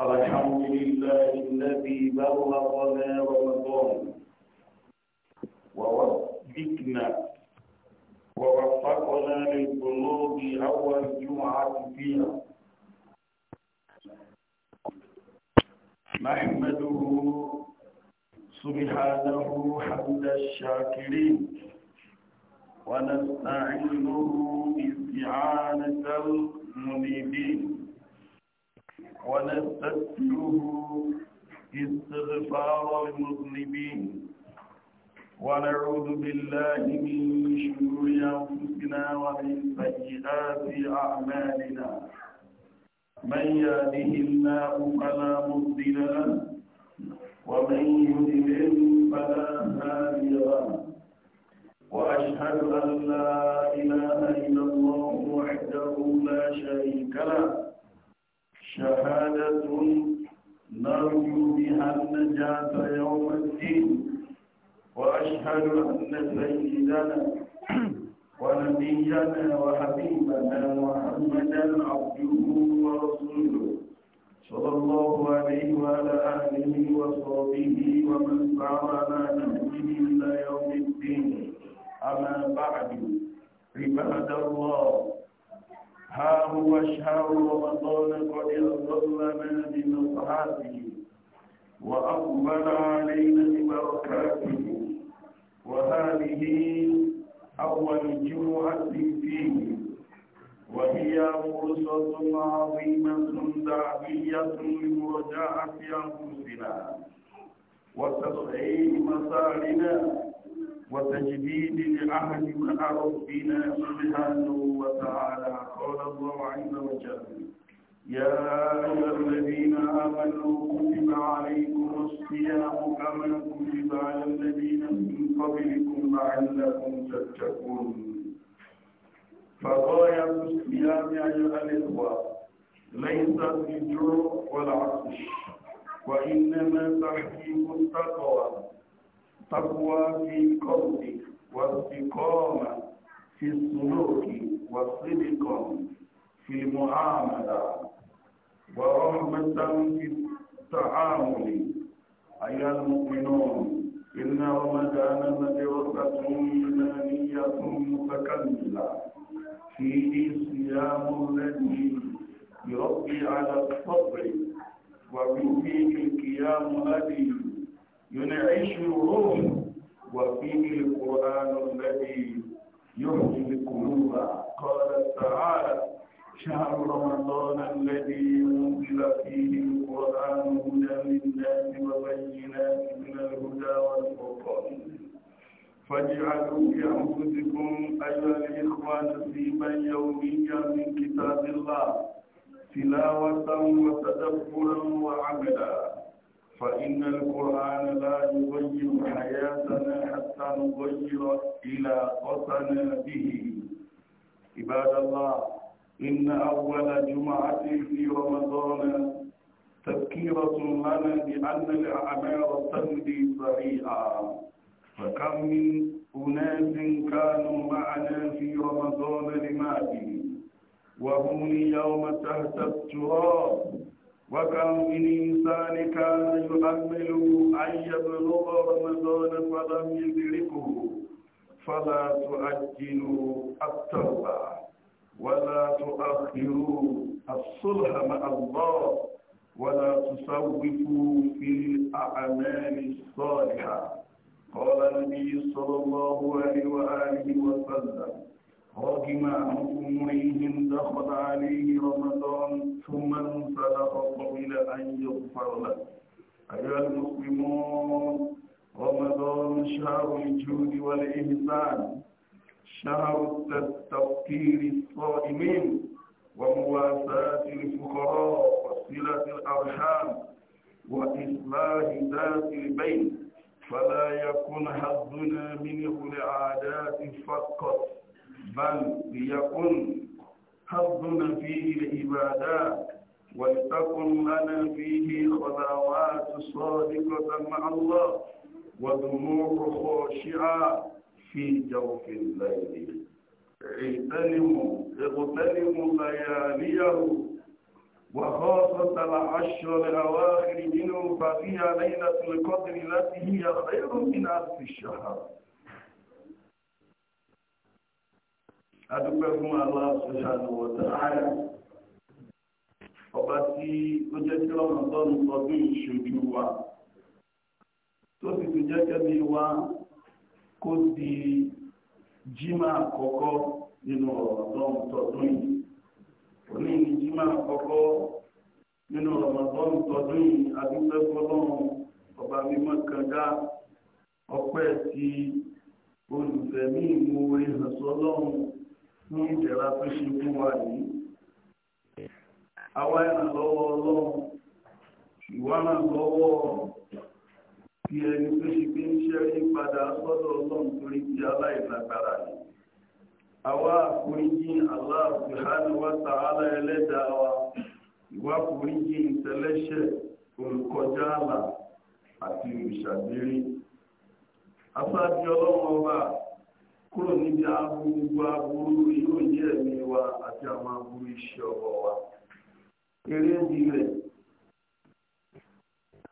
الحمد لله الذي بلغنا رمضان ووفقنا ووفقنا للبلوغ أول جمعة فيها نحمده سبحانه حمد الشاكرين ونستعينه استعانة المنيبين ونستغفره استغفار المذنبين ونعوذ بالله من شرور أنفسنا ومن سيئات أعمالنا من يهده الله فلا مضل له ومن يضلل فلا هادي له وأشهد أن لا إله إلا الله وحده لا شريك له شهادة نرجو بها النجاة يوم الدين وأشهد أن سيدنا ونبينا وحبيبنا محمدا عبده ورسوله صلى الله عليه وعلى آله وصحبه ومن سار على نهجه إلى يوم الدين أما بعد عباد الله ها هو الشهر رمضان قد أظلمنا بمصحاته وأقبل علينا ببركاته وهذه أول جمعة فيه وهي فرصة عظيمة دعوية لمراجعة أنفسنا وتصحيح مسارنا وتجديد مع ربنا سبحانه وتعالى قال الله عز وجل يا أيها الذين آمنوا كتب عليكم الصيام كما كتب على الذين من قبلكم لعلكم تتقون فغاية الصيام أيها الإخوة ليست الجوع والعطش وإنما تحقيق التقوى التقوى في القول والاستقامة في السلوك والصدق في المعاملة ورحمة في التعامل أيها المؤمنون إن رمضان مدرسة إيمانية متكاملة فيه صيام الذي يربي على الصبر وفيه القيام الذي ينعشهم وفيه القرآن الذي يحيي القلوب قال تعالى شهر رمضان الذي أنزل فيه القرآن هدى للناس وبينات من الهدى والفرقان فاجعلوا في أنفسكم أيها الإخوة نصيبا يوميا من كتاب الله تلاوة وتدبرا وعملا فإن القرآن لا يغير حياتنا حتى نغير إلى قصنا به عباد الله إن أول جمعة في رمضان تذكيرة لنا بأن الأعمار تمضي سريعا فكم من أناس كانوا معنا في رمضان الماضي وهم اليوم تهت التراب وكم من إنسان كان يؤمل أن يبلغ رمضان فلم يدركه فلا تؤجلوا التوبة ولا تؤخروا الصلح مع الله ولا تسوفوا في الأعمال الصالحة قال النبي صلى الله عليه وآله وسلم راكما أمريهم دخل عليه رمضان ثم انسلخ قبل أن يغفر له أيها المسلمون رمضان شهر الجود والإحسان شهر تفكير الصائمين ومواساة الفقراء وصلة الأرحام وإصلاح ذات البين فلا يكن حظنا منه العادات فقط بل ليكن حظنا فيه العبادات ولتكن لنا فيه خلوات صادقة مع الله ودموع خاشعة في جوف الليل اغتنموا اغتنموا لياليه وخاصة العشر الأواخر منه ففيها ليلة القدر التي هي خير من ألف الشهر adúgbẹ́ fún Allah subhanahu wa ta'ala ọba tí ó jẹ́ kí ọmọ tọ́nu ọdún ìṣojú wa tó sì tún jẹ́ kẹ́bí wa kó di jímà àkọ́kọ́ nínú ọ̀rọ̀ tọ́dún yìí òní ní jímà àkọ́kọ́ nínú ọ̀rọ̀ tọ́dún yìí adúgbẹ́ fún ọlọ́run ọba mímọ́ kan ọpẹ́ ti olùfẹ̀mí ìmúwé hàn sọ́lọ́run ní ìdẹ̀ra tó ṣe fún wa yìí àwa ìrànlọ́wọ́ ọlọ́run ìwà ìrànlọ́wọ́ ti ẹni tó ṣe pé ń ṣe rí padà sọ́dọ̀ ọlọ́run torí ti aláìlágbára ni àwa àforíjì Allah subhanahu wa ta'ala ẹlẹ́dàá wa ìwà àforíjì ìtẹ́lẹ́ṣẹ̀ olùkọjá àlà àti olùṣàdérí. asájú ọlọ́run ọba kúrò níbi agbogbo aburú yóò jẹ́ ẹ̀mí wa àti àwọn aburú iṣẹ́ ọwọ́ wa. Eré di rẹ̀,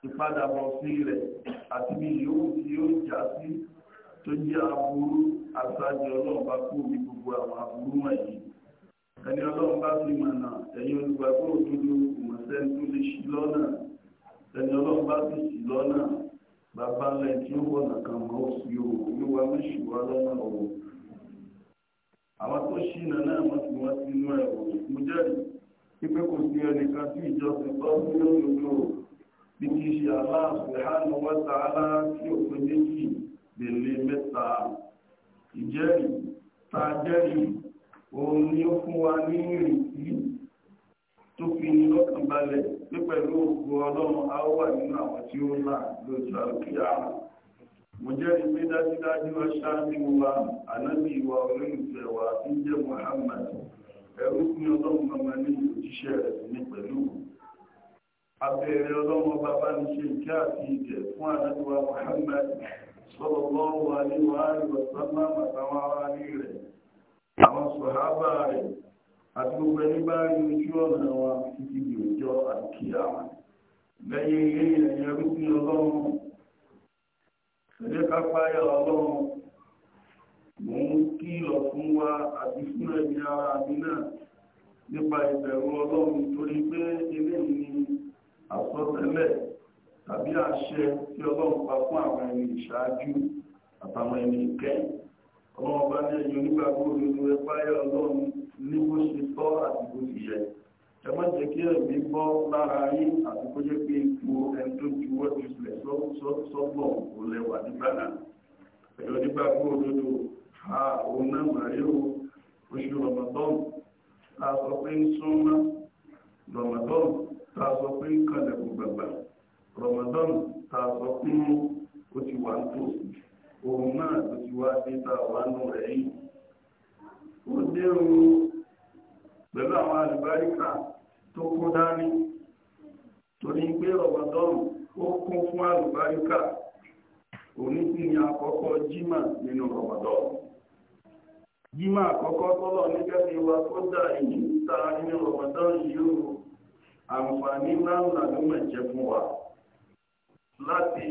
ìpadàbọ̀ sí rẹ̀ àti bí yòówù tí yóò já sí tó jẹ́ aburú àṣáájú ọlọ́run bá kú ní gbogbo àwọn aburú wọ̀nyí. Ẹni ọlọ́run bá fi mọ̀nà ẹ̀yin olùgbàgbọ́ òdodo ìmọ̀sẹ́ni lè ṣí lọ́nà. Ẹni ọlọ́run bá fi ṣí lọ́nà bàbá lẹ tí ó wọ̀nà kan mọ́ òsì òwò olúwa méṣì wá lọ́nà òwò àwọn tó ṣìnà náà wọ́n ti wọ́n ti inú ẹ̀ òwò mo jẹ́rìí pípé kò sí ẹnìkan tí ìjọsìn bá ń lórí ojú bí kì í ṣe Allah subhanahu wa ta'ala tí òpin méjì délé mẹ́ta ìjẹ́rìí tá a jẹ́rìí òun ni ó fún wa ní ìrètí tó fi ní lọ́kàn balẹ̀ pé pẹ̀lú ògùn ọlọ́run a wà nínú àwọn tí ó là lójú àrùkíyà mo jẹ́rìí pé dájúdájú aṣáájú wa ànábì ìwà olólùfẹ́ wa ń jẹ́ Muhammad ẹ̀rú fún ọlọ́run mọ́mọ́ ní òjíṣẹ́ rẹ̀ ní pẹ̀lú abẹ́rẹ́ ọlọ́run bàbá ní ṣe àti fún Muhammad sọ̀rọ̀ lọ́wọ́ wa ní wàhálì wọ̀sán máa ará ní rẹ̀ àwọn sọ̀hábà rẹ̀ àti gbogbo ẹni bá rí ojú ọ̀nà wa títí di ọjọ́ àdúkìá wọn lẹ́yìn ilé ìrìn ẹrúgbìn ọlọ́run ẹ̀jẹ̀ ká páyà ọlọ́run mò ń kìlọ̀ fún wa àti fún ẹ̀mí ara mi náà nípa ìbẹ̀rù ọlọ́run torí pé eléyìí ni àsọtẹ́lẹ̀ tàbí àṣẹ tí ọlọ́run pa fún àwọn ẹni ìṣáájú àtàwọn ẹni ìkẹyìn ọlọ́run bá ní ẹ̀yìn onígbàgbọ́ òdodo ẹ páyà ọlọ́run ní bó ṣe tọ́ àti bó ṣe yẹ ẹ má jẹ́ kí ẹ̀mí bọ́ lára yín àti kó jẹ́ pé ipò ẹni tó ju wọ́jú sílẹ̀ sọ́gbọ̀n kò lẹ́wà nígbà náà ẹ̀yọ́ nígbà kó òdodo ha òun náà mà rí o oṣù rọmọdọ́n tá a sọ pé ń súnmọ́ rọmọdọ́n tá a sọ pé ń kalẹ̀ kó gbàgbà rọmọdọ́n tá a sọ pé ó ti wà nítòsí òun náà ló ti wá dé tá a wà nù rẹ̀ yìí. ó dé o pẹ̀lú àwọn àlùbáríkà tó kó dání torí pé rọ̀bọ̀dọ́nù ó kún fún àlùbáríkà òní sì ni àkọ́kọ́ jímà nínú rọ̀bọ̀dọ́nù jímà àkọ́kọ́ tọ́lọ̀ nígbẹ́ wa tó dà èyí ta nínú rọ̀bọ̀dọ́nù yóò àǹfààní ńláńlá ló mẹ̀jẹ̀ fún wa láti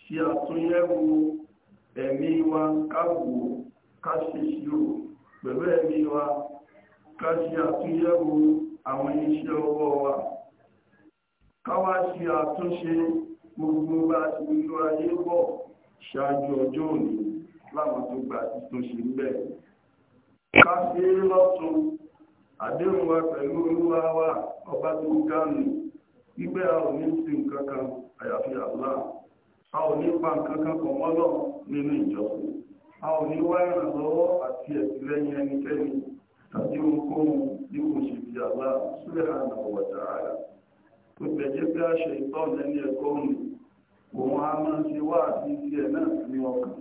ṣe àtúnyẹ̀wò ẹ̀mí wa káwò ká ṣe uru. pẹ̀lú ẹ̀mí wa ká ṣe àtúnyẹ̀wò àwọn iṣẹ́ ọwọ́ wa ká wá ṣe àtúnṣe gbogbo bá ti nílò ayé bọ̀ ṣáájú ọjọ́ òní láwọn tó gba àtúnṣe ń bẹ̀. ṣe lọ́tún àdéhùn wa pẹ̀lú olúwa wa ọba tó a nǹkan kan a nǹkan kan àwọn oníwá ìrànlọ́wọ́ àti ẹ̀sìlẹ́yìn ẹnikẹ́ni tàbí ohunkóhun bí kò ṣe fi àlá sílẹ̀ àná ọ̀wọ̀ta ara tó gbẹ̀jẹ́ bí a ṣe ìtọ́nù ẹni ẹ̀kọ́ òní òun a máa ń ṣe wá àti iṣẹ́ náà ní ọkàn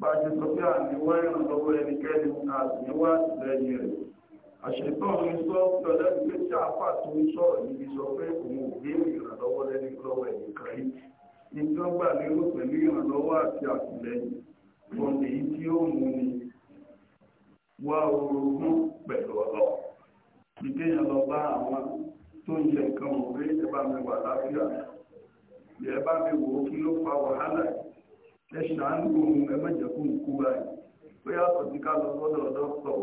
bá a ṣe sọ pé àníwá ìrànlọ́wọ́ ẹnikẹ́ni àtìníwá àtìlẹ́yìn rẹ̀ àṣetán ní sọ pẹ̀lẹ́ pé tí àpá tó ń sọ̀rọ̀ níbi sọ pé òun ò gbé ìrànlọ́wọ́ àti àtìlẹ́yìn mo lè yí tí ó mú ni wá orogún pẹ̀lú ọ̀lọ́ ìdíyàn lọ bá àwọn tó ń yẹ nǹkan mọ̀ pé ẹ bá mi wà láfíà bí ẹ bá mi wò ó kí ló fa wàhálà ẹ ṣàánú ohun ẹ mọ̀jẹ̀ kó ń kú báyìí bóyá ọ̀sìn ká lọ sọ́dọ̀ dọ́kítọ̀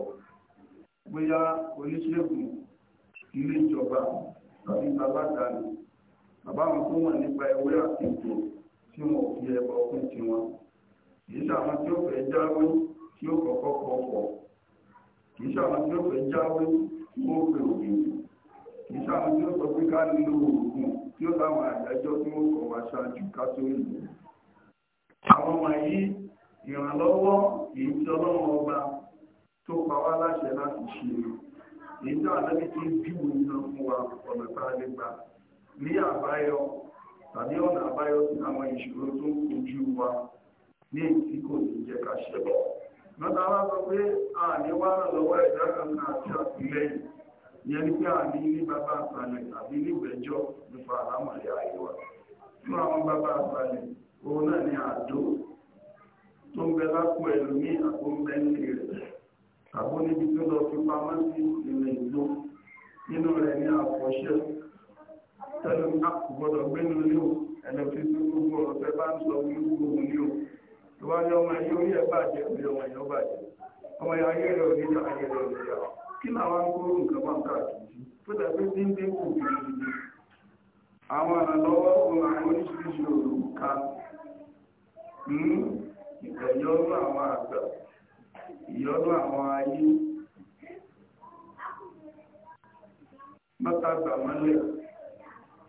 bóyá oníṣègùn ilé ìjọba tàbí bàbá dànù bàbá wọn tó wà kì í ṣàwọn tí ó fẹ́ jáwé tí ó kọ́kọ́ pọ̀pọ̀ kì í ṣàwọn tí ó fẹ́ jáwé tí ó fẹ́ ògùn kì í ṣàwọn tí ó sọ pé ká nílò ògùn tí ó láwọn àdájọ́ tí ó kọ̀ wá ṣáájú ká tó ìlú. àwọn wọ̀nyí ìrànlọ́wọ́ èyí tí ọlọ́run ọba tó pa wá láṣẹ láti ṣe èyí tí àdájọ́ ti ń bí òun fún wa ọ̀nà tá a lè gbà ní àbáyọ tàbí ọ̀nà àbáyọ sí àwọn ìṣòro tó ń kojú wa ní ìtí kò ní jẹ́ ká ṣẹlọ. Mọ́ta wá sọ pé a ní wá lọ́wọ́ ẹ̀dá kan àti àtìlẹ́yìn, yẹn ni pé a ní ní bàbá àtàlẹ̀ tàbí nígbẹ̀jọ́ nípa àlámọ̀lẹ̀ àìwá. Fún àwọn bàbá àtàlẹ̀, òun náà ni àdó tó ń bẹ lápò ẹlòmíì àbó ń bẹ ní rẹ̀. Àbó níbi tó lọ fi pamọ́ sí ìlú ìlú. Nínú rẹ̀ ní àfọ̀ṣẹ́ tẹ́lẹ̀ àkùgbọ́dọ̀ gbénu ní o, ẹ̀lẹ́fíṣẹ́ gbogbo ọ̀rọ̀ ìwádìí ọmọ yìí orí ẹ̀ bàjẹ́ orí ọmọ yìí ó bàjẹ́ ọmọ yìí ayé rẹ̀ orí ayé rẹ̀ orí rẹ̀ kí làwọn kúrò nǹkan máa káàkiri tó dàbí díndín kù gidigidi àwọn àlọ́wọ́ àwọn oríṣiríṣi hmm? àwọn àgbà ìyọ́nú àwọn ayé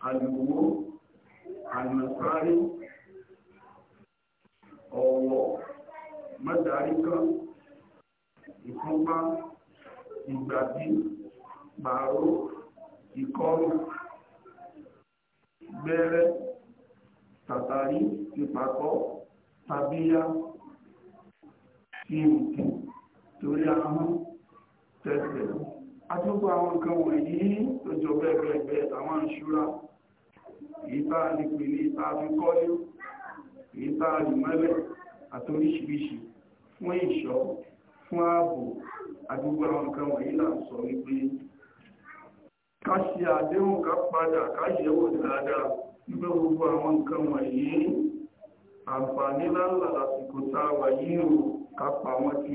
àlùwò ọwọ mọ́dárí kan ìfúnpá ìgbàdí pààrọ̀ ìkọrùn gbẹ́rẹ́ tàtàrí ìpàkọ́ tàbíyá ìrìnkì torí ahọ́n tẹsẹ̀ atúgbò àwọn nǹkan wọ̀nyí tó jọ bẹ́ẹ̀ bẹ́ẹ̀ àwọn ìṣúra ìta nípìnlẹ̀ ìta fi kọ́lé ìta àlùmọ́lẹ̀ àtoríṣiríṣi fún ìṣọ́ fún ààbò àdúgbò àwọn nǹkan wọ̀nyí là ń sọ wípé ká ṣe àdéhùn ká padà ká yẹ̀wò dáadáa nígbà gbogbo àwọn nǹkan wọ̀nyí àǹfààní láńlá lásìkò tá a wà yìí ò ká pa wọ́n tì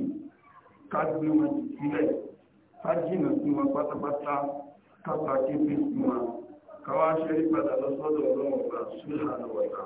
ká gbé wọn jù sílẹ̀ ká jìnà sí wọn pátápátá ká ta kéfì sí wọn ká wá ṣe rí padà lọ sọ́dọ̀ ọlọ́run ọ̀gá sí ìhànà ọ̀gá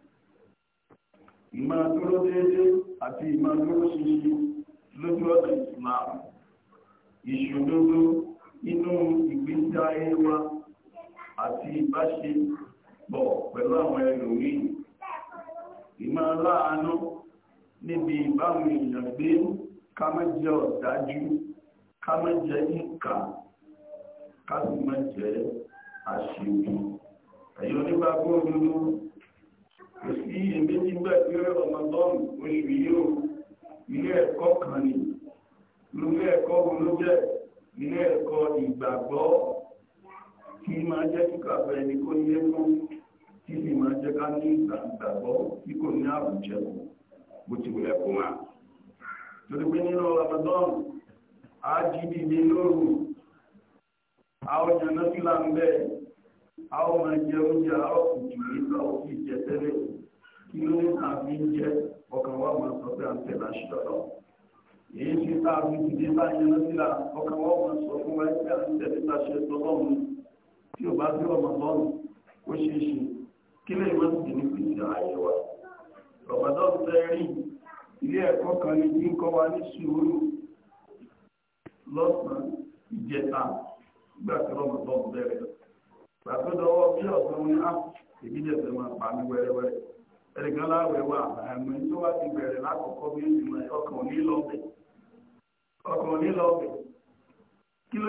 ìmá dúró déédé àti ìmá dúró ṣinṣin lójú ọ̀nà Islam ìṣòdodo inú ìgbésí ayé wa àti ìbáṣe pọ̀ pẹ̀lú àwọn ẹlòmíì ìmá láàánú níbi ìbáwọn èèyàn gbé ká má jẹ́ ọ̀dájú ká má jẹ́ ìkà ká sì má nígbàgbọ́ òdodo kò sí èmi nígbà tí ó Ramadan oṣù yóò ilé ẹ̀kọ́ kan ni ilé ẹ̀kọ́ olóbẹ̀ ilé ẹ̀kọ́ ìgbàgbọ́ kí máa jẹ́ kíkà bẹ́ẹ̀ ni kò yẹ kó kí sì máa jẹ́ ká ní ìgbàgbọ́ tí kò ní àrùjẹ bó ti wulẹ̀ kó máa. torí pé nínú Ramadan a jí dìde lóru àwọn èèyàn náà fi là ń bẹ́ẹ̀ a ó máa jẹ oúnjẹ àárọ̀ kùtù nígbà òkú ìjẹ tẹ́lẹ̀ kí ló ní náà fi ń jẹ ọkàn wa máa sọ pé à ń tẹ̀lé àṣẹ ọlọ́run èyí ṣe tá a fi dìde bá yẹn lọ́sílà ọkàn wa máa sọ fún wa pé à ń tẹ̀lé àṣẹ ọlọ́run tí ò bá sí ọmọ lọ́rùn ó ṣeé ṣe kí lè má sì ní pèsè ààyè wa rọ̀bàdàn fẹ́ rí ilé ẹ̀kọ́ kan ní kí ń kọ́ wa ní sùúrù lọ́sàn-án ìjẹta nígbà gbàtọ́dọ̀wọ́ bí ọ̀sán ní á ìbílẹ̀ máa pa ní wẹ́rẹ́wẹ́rẹ́ ẹnìkan láwẹ̀ wà àmì tó wá ti bẹ̀rẹ̀ lákọ̀ọ́kọ́ bí ọkàn kí ló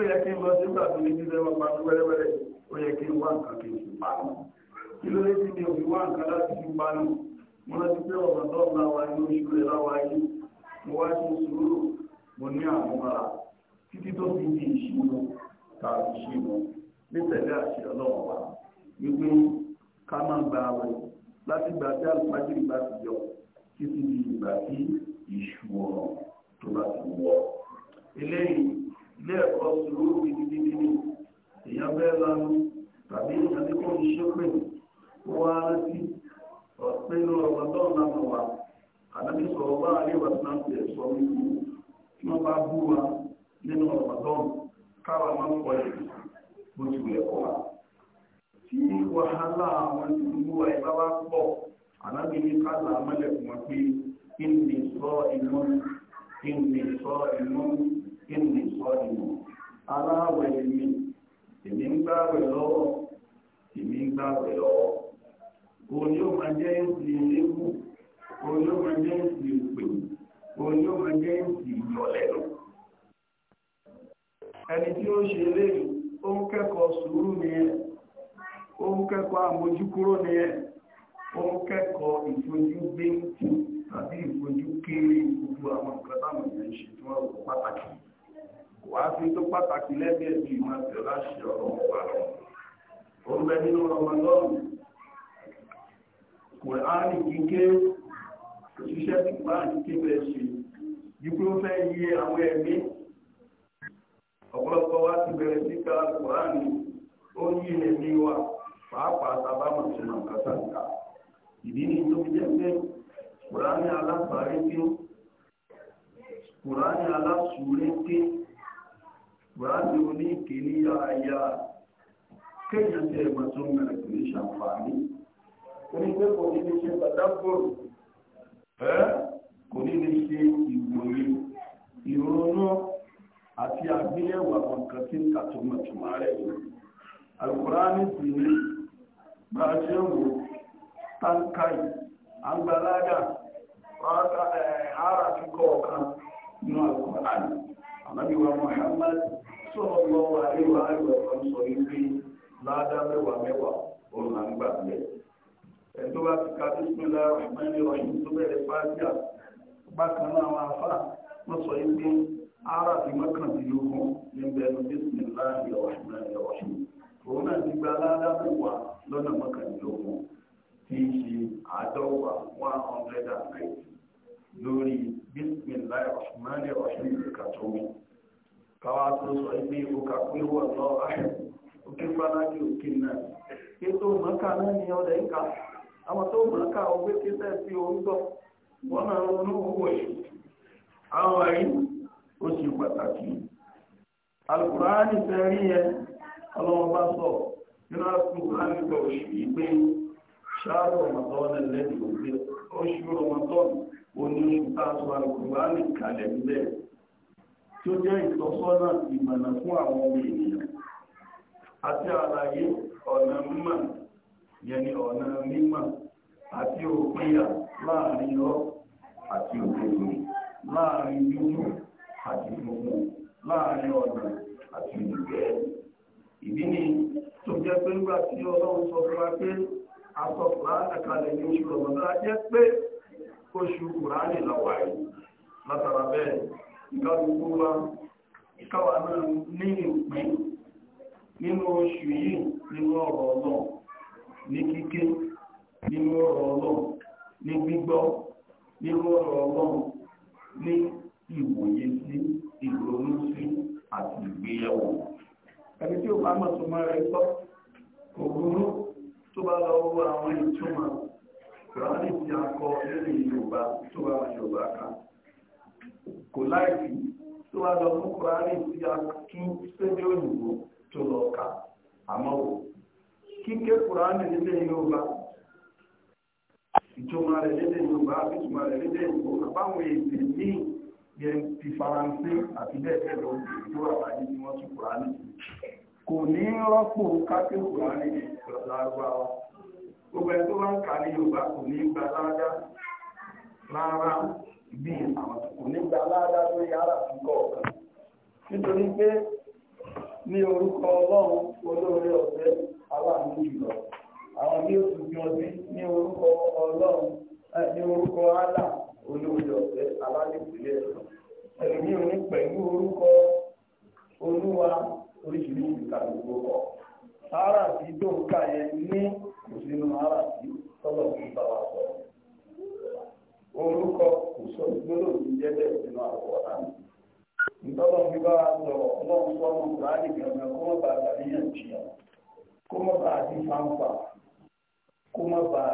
yẹ kí n lọ ní wọn pa ní ó yẹ kí n wá nǹkan kí n fi pa nù kí ló wá nǹkan láti fi pa nù mo pé nítẹ̀lé àṣẹ ọlọ́run wa wípé ká máa gba àwẹ̀ láti gba tí àlùfáàjì bá ti yọ títí di ìgbà tí ìṣù ọ̀rọ̀ tó bá ti wọ̀. eléyìí ilé ẹ̀kọ́ sùúrù gidigidi ni èèyàn bẹ́ẹ̀ lánú tàbí èèyàn ní kò ní ṣépè ó wá rántí ọ̀pẹ́nu ọ̀gbọ́n náà wà àdáni sọ̀rọ̀ bá alẹ́ wà náà tẹ̀ sọ wípé tí wọ́n bá bú wa nínú ọ̀gbọ́n káwa máa ń pọ̀ yìí. bó ti wulẹ̀ kọ́ wa. tí wàhálà àwọn bá wá pọ̀ ní kálà pé kí sọ kí sọ kí sọ aláwẹ̀ mi èmi ń lọ́wọ́ èmi ń lọ́wọ́. òní ò máa jẹ́ ìsìn òní ò máa jẹ́ ìsìn ìpè òní ò ó ń kẹ́kọ̀ọ́ sùúrù nìyẹn ó ń kẹ́kọ̀ọ́ àmójúkúrò nìyẹn ó ń kẹ́kọ̀ọ́ tàbí ìfojúkéré gbogbo àwọn nǹkan táwọn èèyàn ṣe tí wọ́n rò wà á fi tó pàtàkì lẹ́bí ẹ̀bí ìmọ̀ àti ọláṣẹ ọ̀rọ̀ ó bẹ nínú kò kíké òṣìṣẹ́ àti kébẹ̀ ṣe fẹ́ yí àwọn ẹ̀mí ọ̀pọ̀lọpọ̀ wa ti bẹ̀rẹ̀ sí ká kùránì ó yí ilẹ̀ ní wa pàápàá sábàmọ̀ tó máa ìdí ni tó fi jẹ́ pé kùránì alábàárẹ́tì kùránì alásùúrẹ́tì kùránì oníkè ní yáyà kéèyàn tẹ ẹ̀mọ̀ tó mẹ́rẹ̀ kò ní ṣàǹfààní onígbé kò ní lè ṣe pàdágbòrò ẹ́ kò ní lè ṣe ìwòye ìrònú àti àgbéyẹ̀wò àwọn nǹkan tí ń rẹ̀ yìí alukurani sì bá a ṣe ń wò táǹkàì àgbàlágà ara kíkọ́ ọ̀kan nínú alukurani ànábìwá Muhammad sọ̀rọ̀ lọ́wọ́ àríwá àríwá kan sọ wípé ládá mẹ́wàá mẹ́wàá òun là ń gbà bẹ́ẹ̀ ẹ̀tọ́ bá ti ka bísímìlá rahman tó bẹ̀rẹ̀ bákan náà àwọn afá wọ́n sọ ara fi mọ́kàndínlógún ní bẹ̀rù bísmìláàrí ọ̀ṣùnà ọ̀ṣùn òun náà ti gba aládàbò wa lọ́nà mọ́kàndínlógún tí í ṣe àádọ́wà one hundred and ninety lórí bísmìláàrí ọ̀ṣùnà ọ̀ṣùn ìrìkà tó wù. káwá tó sọ pé o kà pé wọ́n lọ àṣẹ òkè fáráàkì òkè náà ètò mọ́kà náà ni ọ̀dẹ̀ ń kà àwọn tó mọ́kà ọgbẹ́ sí orúkọ wọn náà ronú owó yìí àwọn ẹ̀yìn. ó si pàtàkì alukurani tẹ́rí ẹ ọlọ́wọ́ bá sọ nínú alukurani gbọ́ oṣù yìí pé ṣáàrù ọmọdọ́ọ̀nà lẹ́dí òbí oṣù ọmọdọ́ọ̀nà òní oṣù tààtù alukurani kalẹ̀ níbẹ̀ tí ó jẹ́ ìtọ́sọ́nà ìmọ̀nà fún àwọn ọmọ ènìyàn àti àlàyé ọ̀nà mímọ̀ yẹni ọ̀nà mímọ̀ àti òpínyà láàrin ọ àti òkèèrè láàrin àti gbogbo láàrin ọ̀nà àti ìgbẹ́. ìdí ni tó jẹ́ pé nígbà tí ọlọ́run sọ fún wa pé ní oṣù rọ̀mọ̀dá jẹ́ pé oṣù kùránì làwà yìí látara bẹ́ẹ̀ ìka gbogbo wa ìkáwà náà ní ìpín nínú oṣù yìí nínú ọ̀rọ̀ ìwòye sí ìrònú sí àti ìgbéyẹ̀wò ẹni tí ó bá mọ̀ tó máa rẹ̀ gbọ́ ògúrú tó bá lọ owó àwọn ìtumọ̀ kùránì tí a kọ lórí Yorùbá tó bá wọn Yorùbá ká kò láìsí tó bá lọ fún kùránì tí a tú sédé òyìnbó tó lọ kà àmọ́ wò yẹ ti faransé àti bẹ́ẹ̀ lọ tó àbá ní tí wọ́n tún kùránì kò ní rọ́pò kápẹ́ kùránì lárúbáwá gbogbo tó bá ń kà ní yorùbá kò ní gba rárá bí àwọn kò ní gba ara ọ̀kan nítorí ní orúkọ ọlọ́run olóore ọ̀fẹ́ aláàánú àwọn bí ó tún ní orúkọ olórí ọ̀fẹ́ alálẹ́kùnlé ẹ̀mí òní pẹ̀lú orúkọ olúwa oríṣiríṣi ìkàlùkù kọ ara tí tó ń ní kò sínú ara tí tọ́lọ̀ ń bá wa sọ orúkọ kò sọ gbọ́dọ̀ sínú àwọ̀ àmì ìtọ́lọ̀ bá wa sọ ọlọ́run kó mọ̀ bá a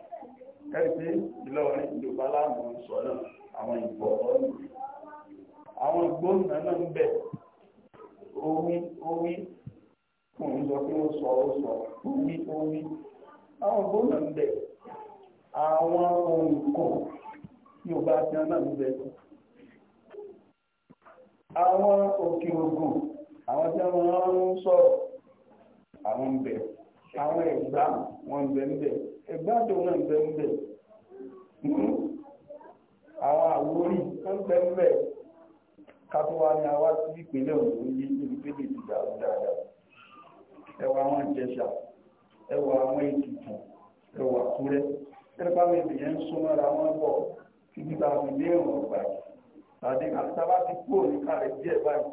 ẹgbẹ́ Ìlọrin ìjọba láàmù sọ náà àwọn ìbọ̀ ọ̀nà àwọn ìgbóhùnà náà ń bẹ̀ orí orí fún ìjọ pé ó sọ ó sọ orí orí àwọn ìgbóhùnà ń bẹ̀ àwọn òǹkọ̀ Yorùbá tí wọn náà ń bẹ̀ àwọn òkè ògùn àwọn tí wọn ń sọ̀rọ̀ àwọn ń bẹ̀ àwọn ẹ̀gbá wọn bẹ̀m̀bẹ̀ ẹ̀gbá tó wọn bẹ̀m̀bẹ̀ hmm? àwọn àwórí wọn bẹ̀m̀bẹ̀ kápẹ́wá ni a wá sí ìpínlẹ̀ òun yí níbi pépè ti dàrú dáadáa ẹwà àwọn ìjẹsà ẹwà àwọn ètùtù ẹwà kúrẹ́ tẹ́lẹ̀pá mi ìbìyẹn ń súnmọ́ra wọn bọ̀ títí tá a fi dé ìrùn ọ̀gbà tàbí àtàbá ti kúrò ní kàrẹ́ díẹ̀ báyìí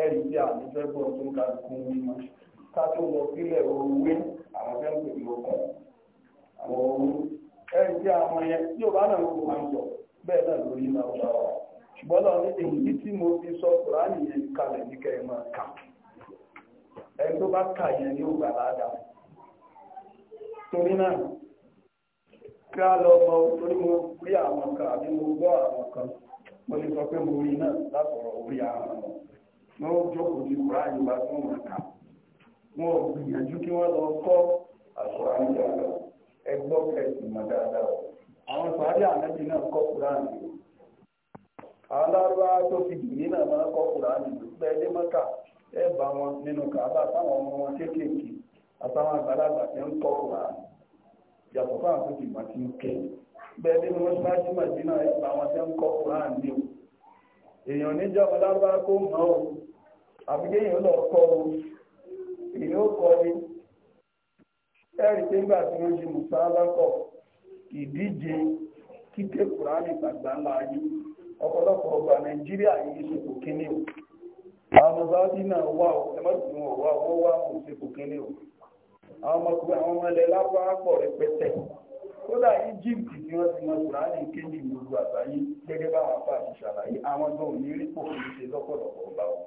ẹ̀rí tí a ní fẹ́ gbọ́ tó ń kàrí kún mímọ́. sátó lọ sílẹ̀ òwe àwọn fẹ́ ń pè ní okùn àwọn ohun ẹ̀rí tí àwọn yẹn tí ò bá náà gbogbo máa ń sọ bẹ́ẹ̀ náà lórí náà wà ṣùgbọ́n náà sọ kùránì yẹn kalẹ̀ ní kẹ́ ẹ máa kà ẹni tó bá kà yẹn ládàá torí náà kí lọ mọ torí mo rí àwọn kan àbí mo gbọ́ àwọn kan mo sọ pé mo wọn ò gbìyànjú kí wọ́n lọ kọ́ àṣọ kẹsì dáadáa àwọn sàárì ànábì náà kọ́ kúránì alárúbá tó fi dìní náà máa kọ́ kúránì bẹ́ẹ̀ dé mọ́kà ẹ bá wọn nínú kàábà ọmọ wọn kéékèèké àtàwọn àgbàlagbà tẹ ń fáwọn tó ti ń dé màjí náà ẹ bá wọn tẹ ń o èèyàn èyí ó kọ ni ẹ̀rí pé nígbà tí wọ́n ṣe mùsàlákọ̀ ìdíje kíké kùránì gbàgbàǹgbà ayé ọ̀pọ̀lọpọ̀ ọgbà nàìjíríà yìí ṣe kò kíní o àwọn sáwọ́dí náà wà ó ẹ mọ́tò wọn wà wà ó ṣe kò o àwọn ọmọkùnrin àwọn ọmọ ilẹ̀ lábára pọ̀ rẹpẹtẹ kódà Egypt tí wọ́n ti mọ kùránì kéjì gbogbo àgbáyé gẹ́gẹ́ bá fàṣì ṣàlàyé àwọn rí pò kí ṣe lọ́pọ̀lọpọ̀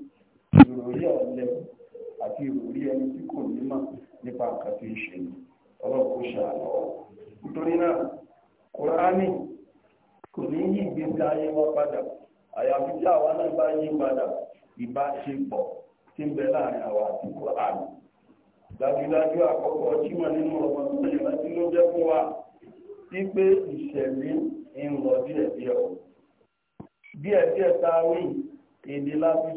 ìròrí ọ̀lẹ àti ìròrí ẹni tí kò nímọ̀ nípa nǹkan tí ń ṣe nítorí náà kùránì kò ní yí ìgbésí ayé wọn padà àyàfi tí àwa náà bá yí padà ìbáṣepọ̀ tí ń bẹ láàrin àwa àti kùránì dájúdájú àkọ́kọ́ tí wọ́n wa ń lọ díẹ̀díẹ̀ o díẹ̀díẹ̀ tá a wí èdè láti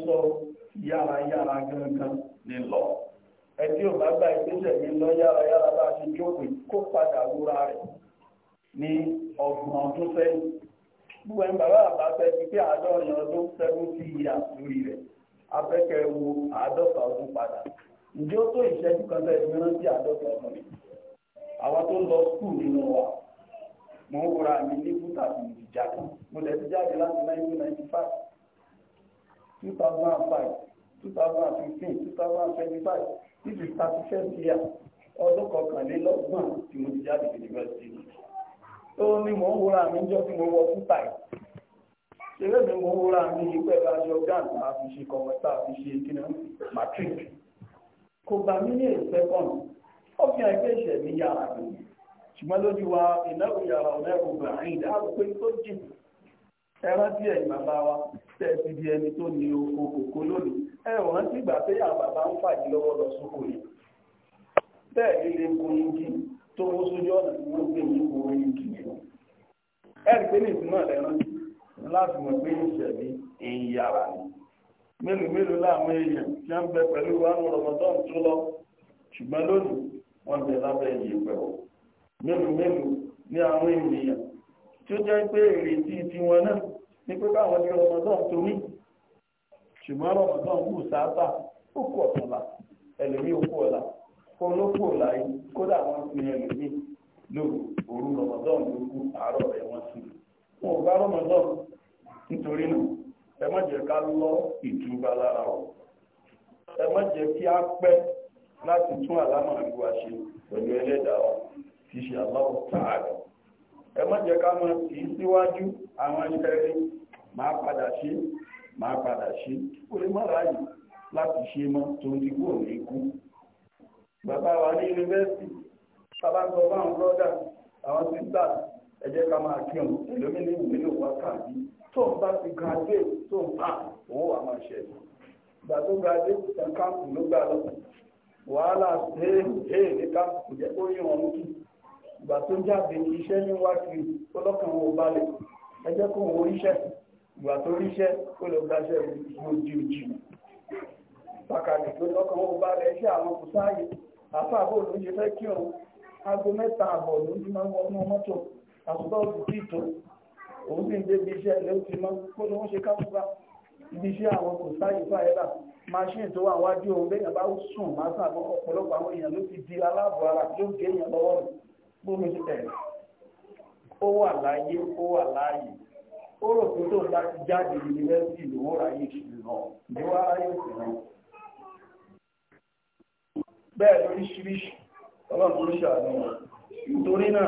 yára yára gangan ní lọ ẹtí ò bá gba ìgbésẹ̀ ní lọ yára yára bá ṣe jókòó kó padà rẹ̀ ní ọgbọ̀n ọdún sẹ́yìn gbogbo ẹni bàbá àbá fẹ́ pé àádọ́rin ọdún lórí rẹ̀ afẹ́kẹ́ wo àádọ́ta ọdún padà ǹjẹ́ ó tó ìṣẹ́jú kan tẹ́ ẹ̀mí rántí àádọ́ta ọdún lọ skul nínú wa mo ń wúra mi ní mo jáde láti 2005-2015-2025 this is 31st year ọdún kọkànlélọ́gbọ̀n tí mo ti jáde yunifásitì tó ní mò ń wúra mi tí mo wọ fúta ẹ̀ ṣeré mi mò ń wúra mi yìí pẹ̀lú aṣọ gán fi ṣe kọ̀mọ́tà fi ṣe kíná matric kò gbà ẹran tí ẹ̀yin bàbá wa tẹ́ ti di ẹni tó ní oko lónìí ẹ ò rántí ìgbà pé àwọn bàbá ń fàyè lọ sóko yìí bẹ́ẹ̀ líle kò ní kí tó wó sójú ọ̀nà tí wọ́n gbé yìí kò ní kí ẹ rí pé náà láti mọ̀ pé ìṣẹ̀lẹ̀ èyí ni mélòó mélòó láwọn èèyàn tí wọ́n bẹ pẹ̀lú wánú rọmọdán tó lọ ṣùgbọ́n lónìí bẹ lábẹ́ yìí mélòó mélòó ní tí ó jẹ́ pé èrètí ti wọn náà ní pé káwọn ní rọmọdán tó ní ṣùgbọ́n rọmọdán kù sáábà ó kù ẹlòmí ó kù ọ̀la kó ló kù ọ̀la yìí kódà wọn fi ẹlòmí lóru òru ló kù àárọ̀ rẹ̀ wọ́n wọn ò bá nítorí náà ẹ má jẹ́ ká lọ ìtura lára o ẹ ẹ má jẹ́ ká mọ tí síwájú àwọn ìfẹ́rí máa padà ṣe máa padà ṣe ó lè má ráàyè láti ṣe mọ́ tó ń dikú òun ikú bàbá wa ní yunifásitì bàbá ń sọ fáwọn brọ́dà àwọn sísá ẹ jẹ́ ká máa kí ọ̀hún ẹlòmínú ìwé ló wá káàdì tó ń bá ti gàdé tó ń pa òun wà máa ìgbà tó gàdé ìtàn káàpù ló gbà lọ wàhálà ṣe é ní káàpù jẹ́ ó yí wọn kí ìgbà tó jáde iṣẹ́ ní wákìrì ọlọ́kàn wọn ò balẹ̀ ẹjẹ́ kó wọ iṣẹ́ ìgbà tó ríṣẹ́ ó lọ gbáṣẹ́ ojú ojú pàkàlẹ̀ tó lọ́kàn wọn ò balẹ̀ iṣẹ́ àwọn kò sáàyè àfàbò ló ṣe fẹ́ kí òun aago mẹ́ta àbọ̀ ló ti máa ń wọnú mọ́tò àtúntò òkú tí tó òun sì ń débi iṣẹ́ ilé ó ti mọ́ kó ló ń ṣe káfúgbà ibi iṣẹ́ àwọn kò sáàyè fáyẹ́là máṣíìn tó wà wájú òun bẹ́ẹ̀ bá sùn máa sàgbọ́n ọ̀pọ̀lọpọ̀ àwọn èèyàn ló ti di aláàbọ̀ ara yóò gé èèyàn lọ́wọ́ rẹ̀ gbóhùn sí tẹ̀lé ó wà láyé ó wà láàyè ó rò pé tóun bá jáde yunifásitì lòun ráyè ìṣúná ìdíwọ́ ráyè bẹ́ẹ̀ lóríṣiríṣi ọlọ́run ló nítorí náà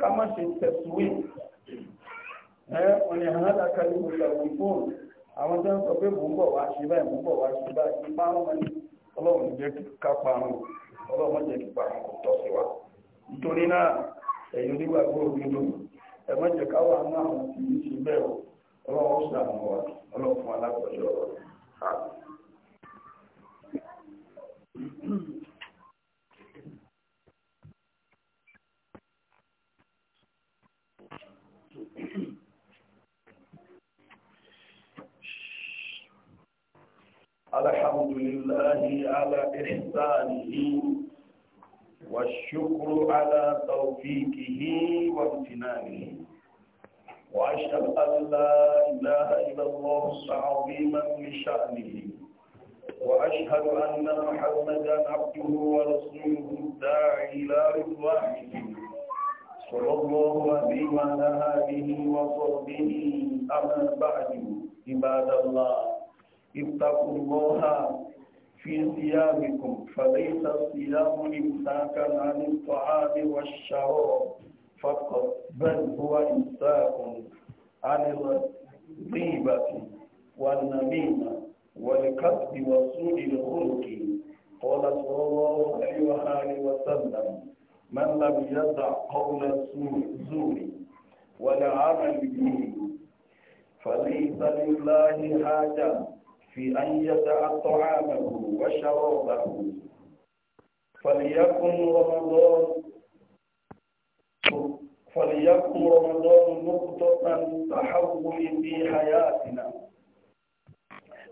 ká má ṣe ọ̀nà àwọn tó ń sọ pé mò ń bọ̀ wá ṣe báyìí mò ń bọ̀ wá ṣe báyìí nítorí náà ẹ̀yin onígbàgbọ́ òdodo ẹ má jẹ́ káwọ́ àmọ́ àwọn tí kì í ṣe bẹ́ẹ̀ o ọlọ́run ṣe àwọn wa ọlọ́run fún الحمد لله على إحسانه والشكر على توفيقه وامتنانه وأشهد أن لا إله إلا الله تعظيما لشأنه وأشهد أن محمدا عبده ورسوله الداعي إلى رضوانه صلى الله عليه وعلى آله وصحبه أما بعد عباد الله اتقوا الله في صيامكم فليس الصيام إمساكا عن الطعام والشراب فقط بل هو إمساك عن الغيبة والنميمة والكسب وسوء الخلق قال صلى الله عليه وآله وسلم من لم يدع قول الزور والعمل به فليس لله حاجه في أن يدع طعامه وشرابه فليكن رمضان فليكن رمضان نقطة تحول في حياتنا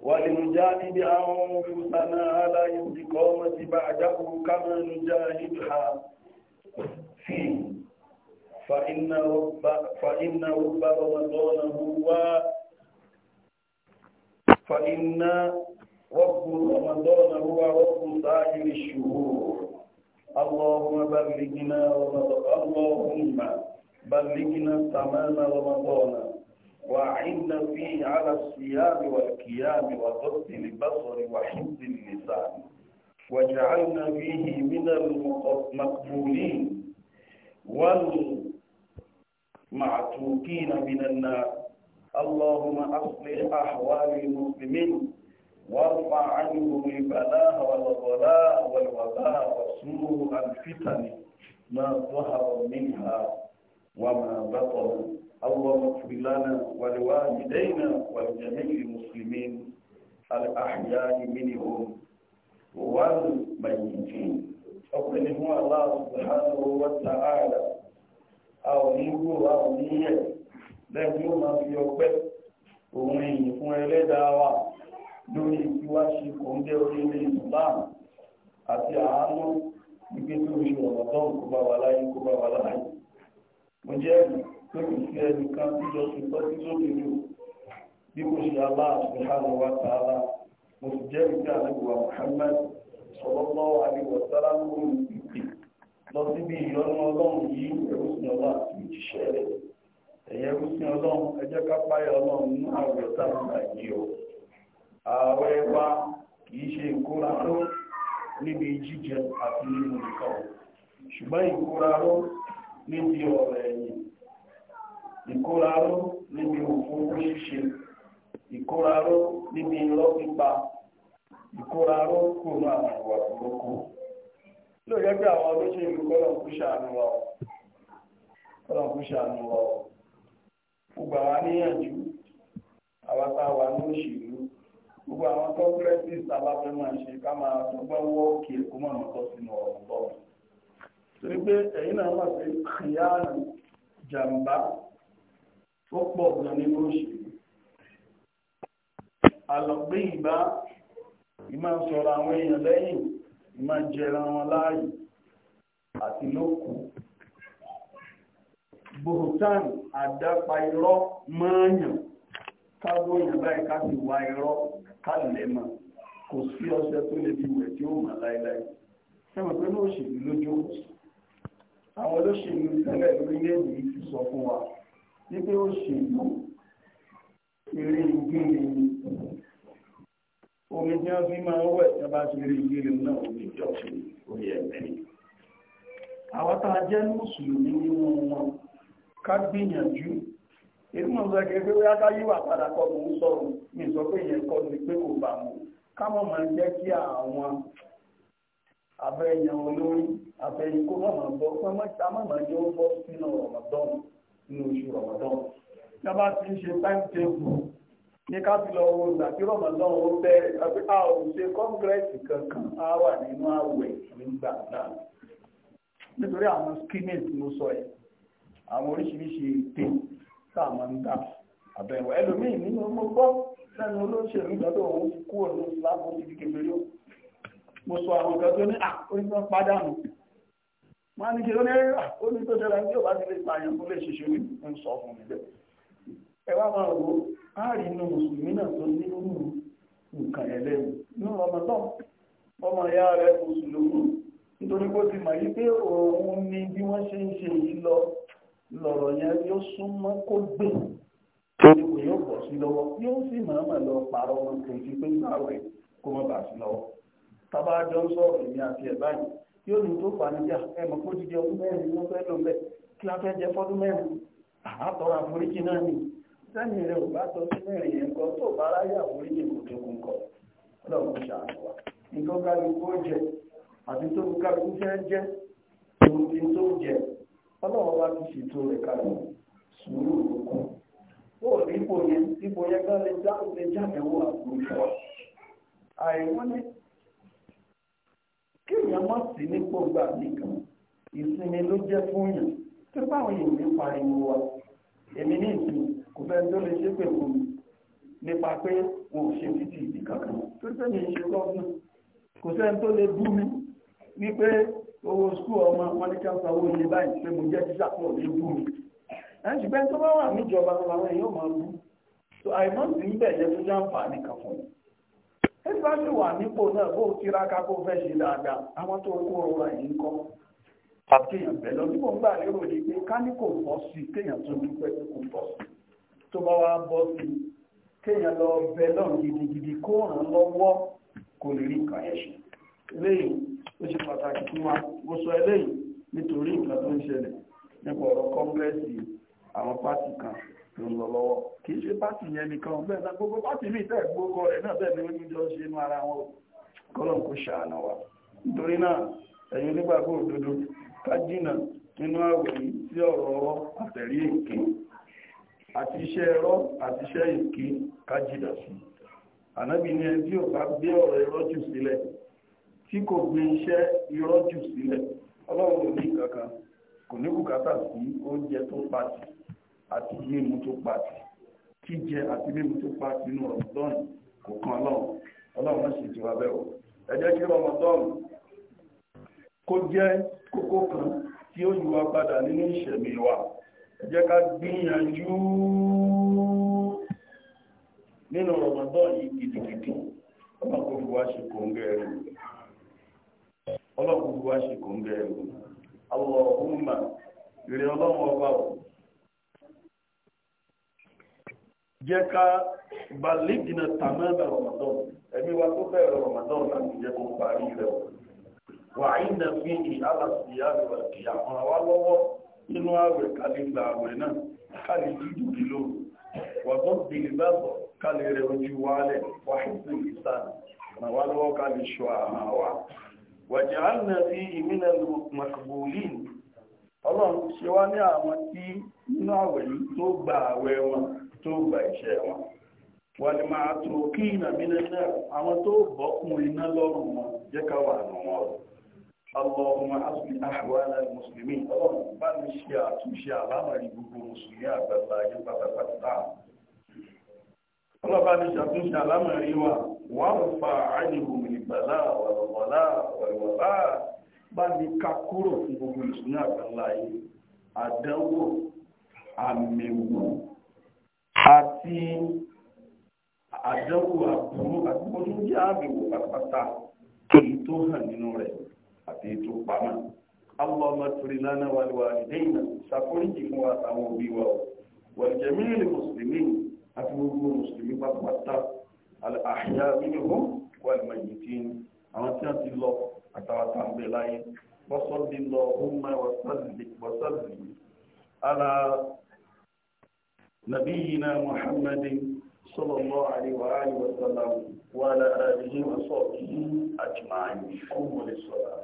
ولنجاهد أنفسنا على استقامة بعده كما نجاهدها فيه فإن رب فإن رب رمضان هو فإن رب رمضان هو رب سائر الشهور اللهم بلغنا رمضان اللهم بلغنا تمام رمضان وأعنا فيه على الصيام والقيام وغض البصر وحفظ اللسان واجعلنا فيه من المقبولين والمعتوقين من النار اللهم أصلح أحوال المسلمين وارفع عنهم البلاء والغلاء والوباء وسوء الفتن ما ظهر منها وما بطن اللهم اغفر لنا ولوالدينا ولجميع المسلمين الأحياء منهم والميتين أقول ni الله سبحانه وتعالى wa ta'ala àwọn lẹ́yìn yóò máa fi ọpẹ́ òun ìyìn fún ẹlẹ́dàá wa lórí ìfiwá ṣe kòńgẹ́ orílẹ̀ Islam àti àánú gbígbé tó fi ọ̀nà tó ń kó bá wa láyé kó bá wa láyé. mo jẹ́ pé kò sí ẹnìkan tí jọ ṣe tọ́jú sókè lò bí kò ṣe ta'ala mo sì jẹ́ ìgbé ẹ̀yẹ wípé ọlọ́run ẹjẹ́ ká páyà ọlọ́run ní àwẹ̀ sáàmà yìí o ààwẹ̀ wa kìí ṣe ìkóra tó níbi jíjẹ àti nínú nìkan ṣùgbọ́n ìkóra ró níbi ọ̀rọ̀ ẹ̀yìn ìkóra ró níbi òfófó ṣíṣe ìkóra ró níbi irọ́ pípa ìkóra ró kúrò àwọn ìwà burúkú lóògẹ́gbẹ́ àwọn olóṣèlú kọ́lọ̀ ń kúṣà àánú wa ọ̀ mo gbà wá níyànjú àwa tá a wà ní òṣèlú gbogbo àwọn tó practice tá a bá fẹ́ máa ṣe ká máa tó gbọ́ wọ́ òkè kó mọ̀ mọ́ tó sínú ọ̀rọ̀ bọ̀. torí pé ẹ̀yin náà wà pé kìíyàrá jàǹbá ó pọ̀ gan nínú òṣèlú. àlọ́gbé ìbá ìmáa sọ̀rọ̀ àwọn èèyàn lẹ́yìn ìmáa jẹran wọn láàyè àti lókùn bùhùtán adapa irọ́ mọ́ọ̀yàn káwọ́ èèyàn báyìí ká wa wá irọ́ kò sí ọṣẹ tó lè fi wẹ̀ tí ó mọ̀ láéláé sẹ́wọ̀n pé ló ṣèlú lójú àwọn olóṣèlú tẹ́lẹ̀ lórílẹ̀ yìí ti sọ fún wa wípé eré ìgbìnrin ni omi tí wọ́n fi máa ń wẹ̀ tí wọ́n bá ti rí ìgbìnrin náà omi àwọn tá a mùsùlùmí nínú ká gbìyànjú èyí mọ̀ sọ kẹfẹ́ wíyá ká yíwà padà kọ mò ń sọ̀rọ̀ mi sọ pé ìyẹn kọ́ ni pé kò bá mọ̀ káwọn máa jẹ́ kí àwọn abẹ́yàn olórí abẹ́yìn kó mọ̀ máa bọ́ pé a má máa jẹ́ ó bọ́ sínú Ramadan nínú oṣù Ramadan tí a bá ti ń ṣe time table ní ká fi lọ wo ìgbà tí Ramadan ó bẹ̀rẹ̀ àbí a ò ṣe kọ́ngírẹ́sì kankan á wà nínú àwẹ̀ nígbà náà nítorí àwọn skimmings mo sọ yìí àwọn oríṣiríṣi ète tá a máa ń dà àbẹ̀wò ẹlòmíì nínú ọmọ gbọ́ lẹ́nu olóṣèlú ìgbàdo òun ti kú òun láàbò ti di kékeré mo sọ àwọn nǹkan tó ní à oníṣẹ́ wọn pàdánù wọn á ní kí ló ní rírà ó ní tó ṣẹlẹ̀ tí ò bá ti lè pààyàn tó lè ṣiṣẹ́ ní ń sọ fún mi bẹ́ẹ̀ ẹ wá máa wo áàrí inú mùsùlùmí náà tó ní irú nǹkan ẹlẹ́nu inú ọmọ náà ọmọ ìyá rẹ̀ mùsùlùmí nítorí bó ti mọ̀ yí pé òun ni bí wọ́n ṣe ń ṣe yìí lọ lọ̀rọ̀ yẹn yóò súnmọ́ kó gbè ipò yóò bọ̀ sí lọ́wọ́ yóò sì máa mà lọ pààrọ̀ wọn kò sí pé nígbà rẹ̀ kó má bà sí lọ́wọ́ tábà jọ ń sọ̀rọ̀ èmi àti ẹ̀ báyìí yóò ní tó fà níjà ẹ mọ̀ kó jíjẹ ọdún mẹ́rin ló fẹ́ ló bẹ̀ kí la fẹ́ jẹ fọ́dún mẹ́rin àtọ̀rọ̀ àforíjì náà nì sẹ́ni rẹ̀ ò bá tọ́ sí mẹ́rin yẹn kan tó bá ráyè àforíjì kò tó kún kọ ọlọ́run ṣàánú wa nǹkan ọlọ́run wá ti ṣètò rẹ̀ kalẹ̀ sùúrù lóko wọ́n ní ipò yẹn ipò yẹn gan lè já lè jáde wọ àgbòjọ àìwọ́n ní kéèyàn má sí nípò gbà nìkan ìsinmi ló jẹ́ fún yàn tó báwọn èèyàn ní pariwo wa èmi ní ìsìn kò fẹ́ tó lè ṣépè fún mi nípa pé wọn ò ṣe títì ìdí kankan tó sẹ́ni ṣe lọ́gbọ̀n kò sẹ́ni tó lè bú mi wípé owó skul ọmọ wọn ní ká sanwó ilé báyìí pé mo jẹ́ tíṣà pọ̀ ní bú mi ẹ̀ ṣùgbọ́n tó bá wà níjọba èèyàn máa so àìmọ́ sí ń bẹ̀yẹ tó jàǹfààní kan fún mi ẹ bá wà nípò náà bó tiraka kó fẹ́ ṣe dáadáa àwọn tó kó yìí ń kọ́ kéèyàn bẹ̀ lọ lérò ni pé kò bọ́ sí kéèyàn tó dúpẹ́ kò bọ́ sí tó bá mo sọ eléyìí nítorí nǹkan tó ń ṣẹlẹ̀ nípa ọ̀rọ̀ kọ́ngẹ́sì àwọn pátì kan tó ń lọ lọ́wọ́ kì í ṣe pátì gbogbo pátì míì tẹ́ gbogbo rẹ̀ náà bẹ́ẹ̀ ni ó nse jọ ara wọn kọ́lọ̀ kó ṣàánà wa nítorí náà ẹ̀yin onígbàgbọ́ òdodo ká jìnà nínú àwẹ̀ yìí sí ọ̀rọ̀ ọ̀rọ̀ àtẹ̀rí èké àti iṣẹ́ ẹ̀rọ àti iṣẹ́ èké ká jìnà sí ànábì ni tí kò gbé iṣẹ́ irọ́ jù sílẹ̀ ọlọ́run ò ní kankan kò ní bùkátà sí oúnjẹ tó pàtì àti mímu tó pàtì jíjẹ àti mímu tó pàtì nínú Ramadan kò kan ọlọ́run ọlọ́run náà ti wá bẹ́ẹ̀ o ẹ jẹ́ kí Ramadan kó jẹ́ kókó kan tí ó yíwa padà nínú ìṣẹ̀mí wa ẹ jẹ́ ká gbìyànjú nínú Ramadan yìí gidigidi ọlọ́run kò fi wá ṣe kòǹgẹ́ rẹ̀ ọlọ́run gbogbo wa ṣe kò ń gẹ ẹ̀rù ọba ò jẹ́ ká balẹ̀gìnà na rọ̀mọ̀dọ́n ẹ̀mí wa tó bẹ̀rẹ̀ láti kó parí wà á lọ́wọ́ nínú náà kálí wà tó bìlì bá bọ̀ kálí rẹ̀ ojú wálẹ̀ wà á sì ìsàn ràn lọ́wọ́ kálí ṣọ wàjàánà sí ìmínà mọ̀kàbùlín ọlọ́run ṣe wá ní àwọn tí nínú àwẹ̀ yìí tó gba àwẹ̀ wọn tó gba iṣẹ́ wọn wọ́n ni máa tó kí ìnà mínà náà àwọn tó bọ́kùn iná lọ́rùn wọn jẹ́ ká wà nù wọn اللهم أصلح gbogbo ọlọ́pàá ti ṣàtúnṣe alámọ̀rí wa wọ́n fa àìníhù ìgbàlá ọ̀rọ̀wọ̀lá ọ̀rọ̀wọ̀lá bá ní ká kúrò fún gbogbo ìṣúná àgbàlá yìí àdánwò àmẹ̀wò àti àdánwò àbúrú àti gbogbo jẹ́ àmẹ̀wò pàtàkì èyí tó hàn nínú rẹ̀ àti èyí tó pamọ́. اللهم اغفر لنا ولوالدينا سافرجي فوا تامو بيوا والجميع المسلمين àti gbogbo mùsùlùmí pátápátá àhíyá nínú wà ní màjèjì àwọn tí wọ́n ti lọ àtàwàtà ń bẹ láyé wọ́sọ́lì lọ ọmọ wọ́sọ́lì ala nabiyina muhammadin sallallahu alaihi wa alihi wa sallam wa ala alihi wa sahbihi ajma'in qum lis-salat